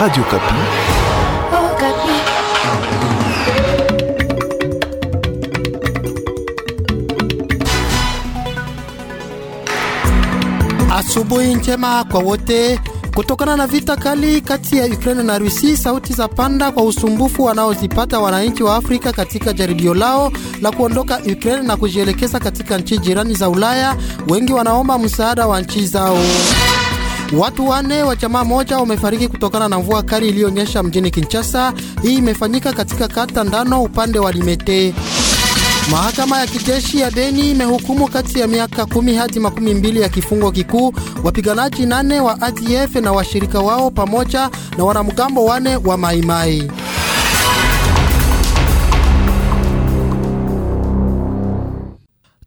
Radio Kapi. Oh, Kapi. Asubuhi njema kwa wote. Kutokana na vita kali kati ya Ukraine na Rusi, sauti za panda kwa usumbufu wanaozipata wananchi wa Afrika katika jaribio lao la kuondoka Ukraine na kujielekeza katika nchi jirani za Ulaya, wengi wanaomba msaada wa nchi zao. Watu wane wa jamaa moja wamefariki kutokana na mvua kali iliyonyesha mjini Kinshasa. Hii imefanyika katika kata ndano upande wa Limete. Mahakama ya kijeshi ya Beni imehukumu kati ya miaka kumi hadi makumi mbili ya kifungo kikuu wapiganaji nane wa ADF na washirika wao pamoja na wanamgambo wane wa Maimai.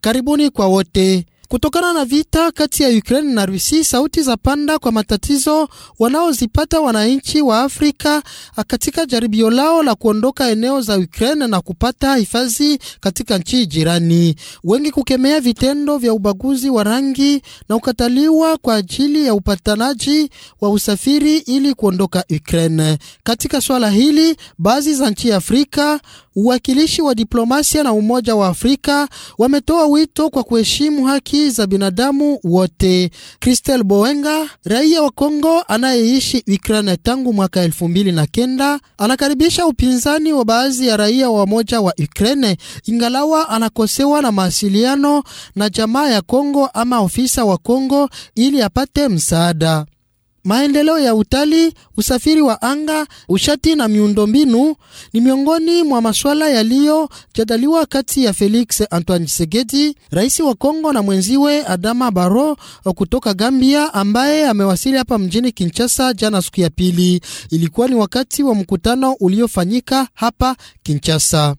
Karibuni kwa wote. Kutokana na vita kati ya Ukraine na Rusi, sauti za panda kwa matatizo wanaozipata wananchi wa Afrika katika jaribio lao la kuondoka eneo za Ukraine na kupata hifadhi katika nchi jirani, wengi kukemea vitendo vya ubaguzi wa rangi na ukataliwa kwa ajili ya upatanaji wa usafiri ili kuondoka Ukraine. Katika swala hili, baadhi za nchi ya Afrika, uwakilishi wa diplomasia na Umoja wa Afrika wametoa wito kwa kuheshimu haki haki za binadamu wote. Christel Bowenga, raia wa Kongo anayeishi Ukraine tangu mwaka elfu mbili na kenda, anakaribisha upinzani wa baadhi ya raia wamoja wa Ukraine, ingalawa anakosewa na mawasiliano na jamaa ya Kongo ama ofisa wa Kongo ili apate msaada maendeleo ya utali usafiri wa anga, ushati na miundombinu ni miongoni mwa masuala yaliyojadaliwa kati ya Felix Antoine Tshisekedi, rais wa Kongo, na mwenziwe Adama Barrow kutoka Gambia, ambaye amewasili hapa mjini Kinshasa jana, siku ya pili. Ilikuwa ni wakati wa mkutano uliofanyika hapa Kinshasa.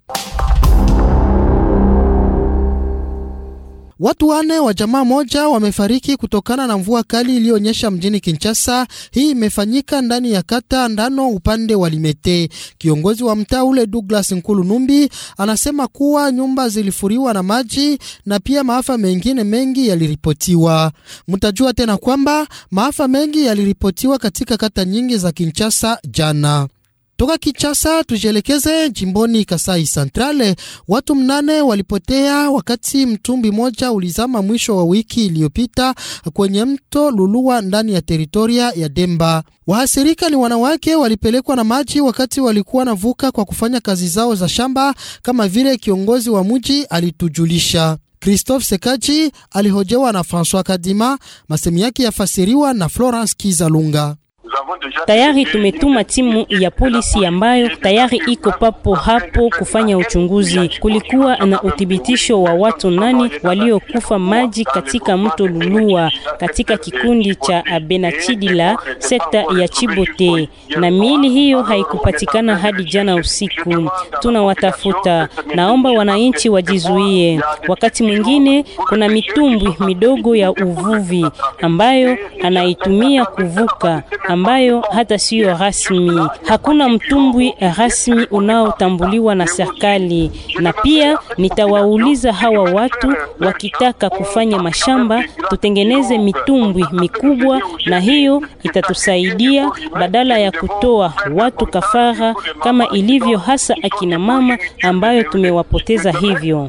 Watu wane wa jamaa moja wamefariki kutokana na mvua kali iliyonyesha mjini Kinshasa. Hii imefanyika ndani ya kata Ndano upande wa Limete. Kiongozi wa mtaa ule Douglas Nkulu Numbi anasema kuwa nyumba zilifuriwa na maji na pia maafa mengine mengi yaliripotiwa. Mtajua tena kwamba maafa mengi yaliripotiwa katika kata nyingi za Kinshasa jana. Toka Kichasa tujielekeze jimboni Kasai Centrale. Watu mnane walipotea wakati mtumbi moja ulizama mwisho wa wiki iliyopita kwenye mto Lulua ndani ya teritoria ya Demba. wahasirika ni wanawake, walipelekwa na maji wakati walikuwa navuka kwa kufanya kazi zao za shamba, kama vile kiongozi wa mji alitujulisha. Christophe Sekaji alihojewa na François Kadima, masemi yake yafasiriwa na Florence Kizalunga. Tayari tumetuma timu ya polisi ambayo tayari iko papo hapo kufanya uchunguzi. Kulikuwa na uthibitisho wa watu nane waliokufa maji katika mto Lulua katika kikundi cha Benachidila sekta ya Chibote, na miili hiyo haikupatikana hadi jana usiku. Tunawatafuta, naomba wananchi wajizuie. Wakati mwingine kuna mitumbwi midogo ya uvuvi ambayo anaitumia kuvuka ambayo ambayo hata siyo rasmi. Hakuna mtumbwi rasmi unaotambuliwa na serikali, na pia nitawauliza hawa watu wakitaka kufanya mashamba, tutengeneze mitumbwi mikubwa, na hiyo itatusaidia badala ya kutoa watu kafara kama ilivyo hasa akina mama ambayo tumewapoteza hivyo.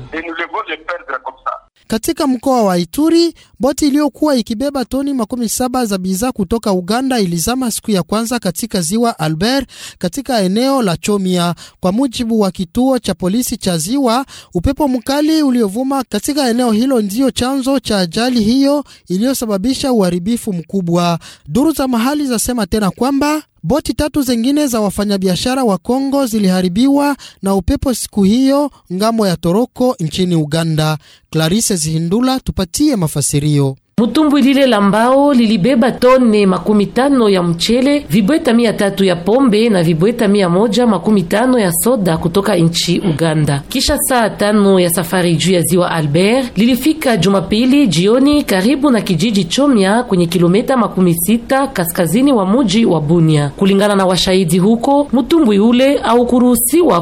Katika mkoa wa Ituri, boti iliyokuwa ikibeba toni makumi saba za bidhaa kutoka Uganda ilizama siku ya kwanza katika ziwa Albert katika eneo la Chomia. Kwa mujibu wa kituo cha polisi cha ziwa, upepo mkali uliovuma katika eneo hilo ndiyo chanzo cha ajali hiyo iliyosababisha uharibifu mkubwa. Duru za mahali zasema tena kwamba Boti tatu zingine za wafanyabiashara wa Kongo ziliharibiwa na upepo siku hiyo ngamo ya Toroko nchini Uganda. Clarisse Zihindula tupatie mafasirio mutumbwi lile la mbao lilibeba tone makumi tano ya mchele, vibweta mia tatu ya pombe na vibweta mia moja makumi tano ya soda kutoka nchi Uganda. Kisha saa tano ya safari juu ya ziwa Albert lilifika Jumapili jioni karibu na kijiji Chomya kwenye kilometa makumi sita kaskazini wa muji wa Bunia. Kulingana na washahidi huko, mutumbwi ule au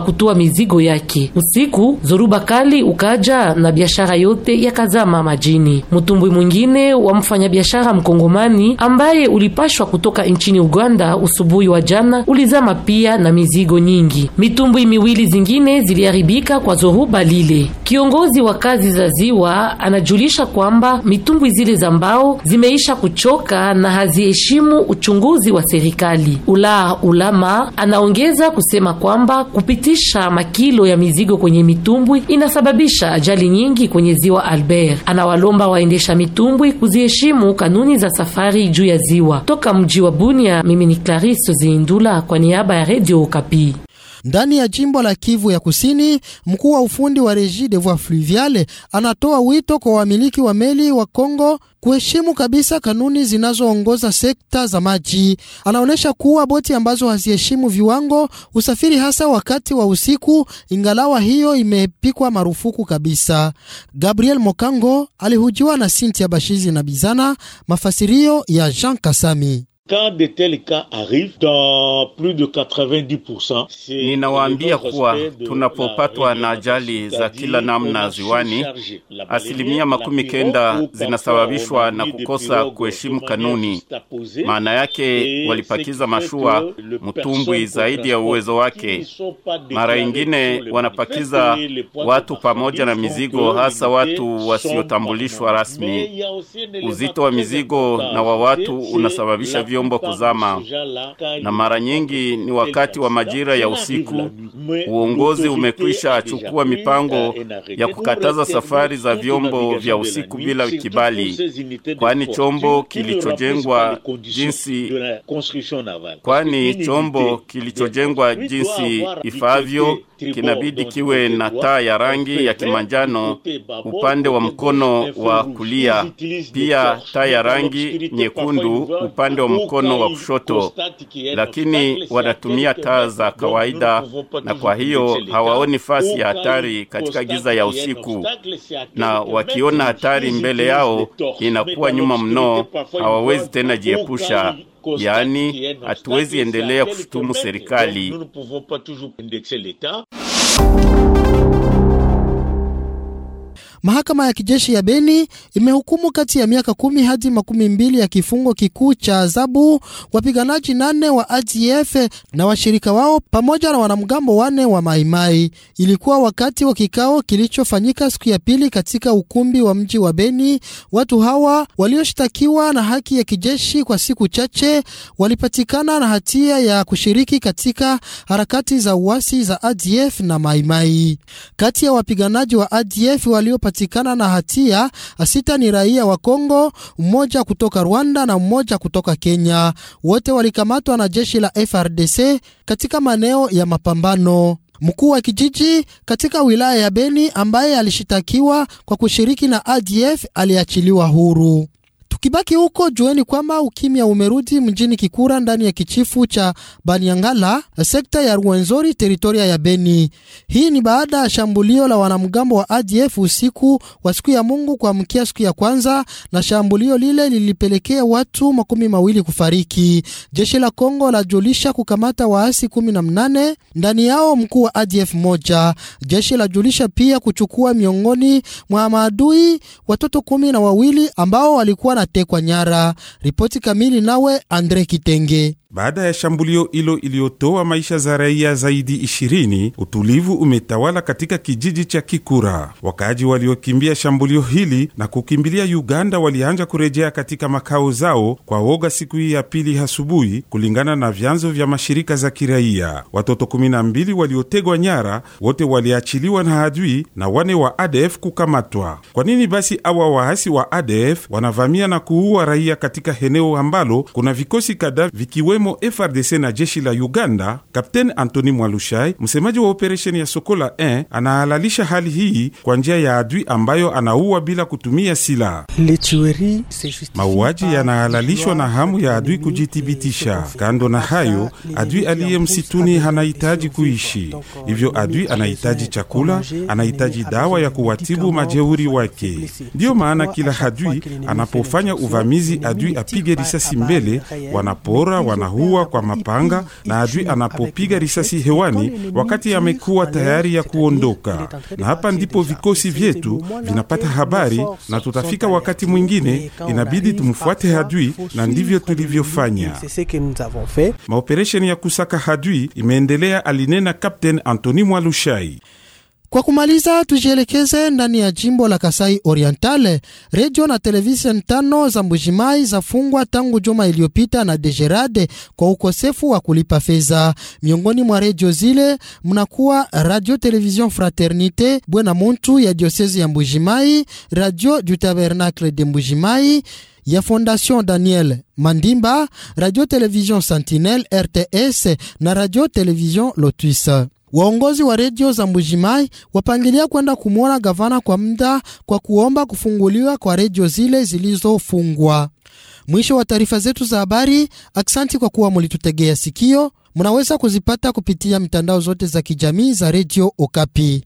kutua mizigo yake. Usiku zoruba kali ukaja na biashara yote yakazama majini. mutumbwi mwingine wa mfanyabiashara mkongomani ambaye ulipashwa kutoka nchini Uganda usubuhi wa jana ulizama pia na mizigo nyingi. Mitumbwi miwili zingine ziliharibika kwa zoruba lile. Kiongozi wa kazi za ziwa anajulisha kwamba mitumbwi zile za mbao zimeisha kuchoka na haziheshimu uchunguzi wa serikali. Ula Ulama anaongeza kusema kwamba kupitisha makilo ya mizigo kwenye mitumbwi inasababisha ajali nyingi kwenye ziwa Albert. Anawalomba waendesha mitumbwi kuziheshimu kanuni za safari juu ya ziwa. Toka mji wa Bunia, mimi ni Clarisse Zindula kwa niaba ya Radio Okapi. Ndani ya jimbo la Kivu ya Kusini, mkuu wa ufundi wa Regie des Voies Fluviales anatoa wito kwa wamiliki wa meli wa Kongo kuheshimu kabisa kanuni zinazoongoza sekta za maji. Anaonyesha kuwa boti ambazo haziheshimu viwango usafiri hasa wakati wa usiku, ingalawa hiyo imepikwa marufuku kabisa. Gabriel Mokango alihujiwa na Sintia Bashizi na Bizana, mafasirio ya Jean Kasami. Quand de tels cas arrivent, dans plus de 90%, ninawaambia kuwa tunapopatwa na ajali za kila namna ziwani, asilimia makumi kenda zinasababishwa na kukosa kuheshimu kanuni. Maana yake walipakiza mashua mtumbwi zaidi ya uwezo wake. Mara nyingine wanapakiza watu pamoja na mizigo, hasa watu wasiotambulishwa rasmi. Uzito wa mizigo na wa watu unasababisha vio vyombo kuzama, na mara nyingi ni wakati wa majira ya usiku. Uongozi umekwisha achukua mipango ya kukataza safari za vyombo vya usiku bila kibali, kwani chombo kilichojengwa jinsi kwani chombo kilichojengwa jinsi ifavyo kinabidi kiwe na taa ya rangi ya kimanjano upande wa mkono wa kulia, pia taa ya rangi nyekundu upande wa mkono wa kushoto, lakini wanatumia taa za kawaida, na kwa hiyo hawaoni fasi ya hatari katika giza ya usiku, na wakiona hatari mbele yao inakuwa nyuma mno, hawawezi tena jiepusha yaani hatuwezi endelea kushutumu serikali. Mahakama ya kijeshi ya Beni imehukumu kati ya miaka kumi hadi makumi mbili ya kifungo kikuu cha adhabu wapiganaji nane wa ADF na washirika wao pamoja na wanamgambo wane wa Maimai. Ilikuwa wakati wa kikao kilichofanyika siku ya pili katika ukumbi wa mji wa Beni. Watu hawa walioshtakiwa na haki ya kijeshi kwa siku chache walipatikana na hatia ya kushiriki katika harakati za uasi za ADF na Maimai. Kati ya wapiganaji wa ADF walio waliopatikana na hatia sita ni raia wa Kongo, mmoja kutoka Rwanda na mmoja kutoka Kenya. Wote walikamatwa na jeshi la FRDC katika maeneo ya mapambano. Mkuu wa kijiji katika wilaya ya Beni ambaye alishitakiwa kwa kushiriki na ADF aliachiliwa huru. Tukibaki huko jueni kwamba ukimya umerudi mjini Kikura ndani ya kichifu cha Banyangala, sekta ya Ruwenzori, teritoria ya Beni. Hii ni baada ya shambulio la wanamgambo wa ADF usiku wa siku ya Mungu kuamkia siku ya kwanza, na shambulio lile lilipelekea watu makumi mawili kufariki. Jeshi la Kongo lajulisha kukamata waasi mnane, ndani yao mkuu wa ADF moja. Jeshi lajulisha pia kuchukua miongoni mwa maadui watoto kumi na wawili ambao walikuwa wanatekwa nyara. Ripoti kamili nawe Andre Kitenge. Baada ya shambulio hilo iliyotoa maisha za raia zaidi 20 utulivu umetawala katika kijiji cha Kikura. Wakaaji waliokimbia shambulio hili na kukimbilia Uganda walianja kurejea katika makao zao kwa woga siku hii ya pili asubuhi, kulingana na vyanzo vya mashirika za kiraia. Watoto 12 waliotegwa nyara wote waliachiliwa na adui na wane wa ADF kukamatwa. Kwa nini basi awa waasi wa ADF wanavamia na kuua raia katika eneo ambalo kuna vikosi kadhaa vikiwe ikiwemo FRDC na jeshi la Uganda. Kapteni Antony Mwalushai, msemaji wa operesheni ya Sokola 1, anahalalisha hali hii kwa njia ya adui ambayo anaua bila kutumia silaha. Mauaji yanahalalishwa na hamu ya adui kujithibitisha. Kando na hayo, adui aliye msituni hanahitaji kuishi, hivyo adui anahitaji chakula, anahitaji dawa ya kuwatibu majeuri wake. Ndiyo maana kila adui anapofanya uvamizi, adui apige risasi mbele, wanapora wana anaua kwa mapanga na adui anapopiga risasi hewani wakati amekuwa tayari ya kuondoka. Na hapa ndipo vikosi vyetu vinapata habari, na tutafika wakati mwingine inabidi tumfuate adui, na ndivyo tulivyofanya. Maoperesheni ya kusaka hadui imeendelea, alinena Kapten Antoni Mwalushai. Kwa kumaliza, tujielekeze ndani ya jimbo la Kasai Orientale. Redio na televisheni tano za Mbujimai zafungwa tangu juma iliyopita na Dejerade kwa ukosefu wa kulipa fedha. Miongoni mwa redio zile mnakuwa Radio Television Fraternite Bwena Muntu ya diosezi ya Mbujimai, Radio du Tabernacle de Mbujimai ya Fondation Daniel Mandimba, Radio Television Sentinelle RTS na Radio Television Lotus. Waongozi wa redio za Mbujimai wapangilia kwenda kumwona gavana kwa muda kwa kuomba kufunguliwa kwa redio zile zilizofungwa. Mwisho wa taarifa zetu za habari. Aksanti kwa kuwa mulitutegea sikio. Munaweza kuzipata kupitia mitandao zote za kijamii za redio Okapi.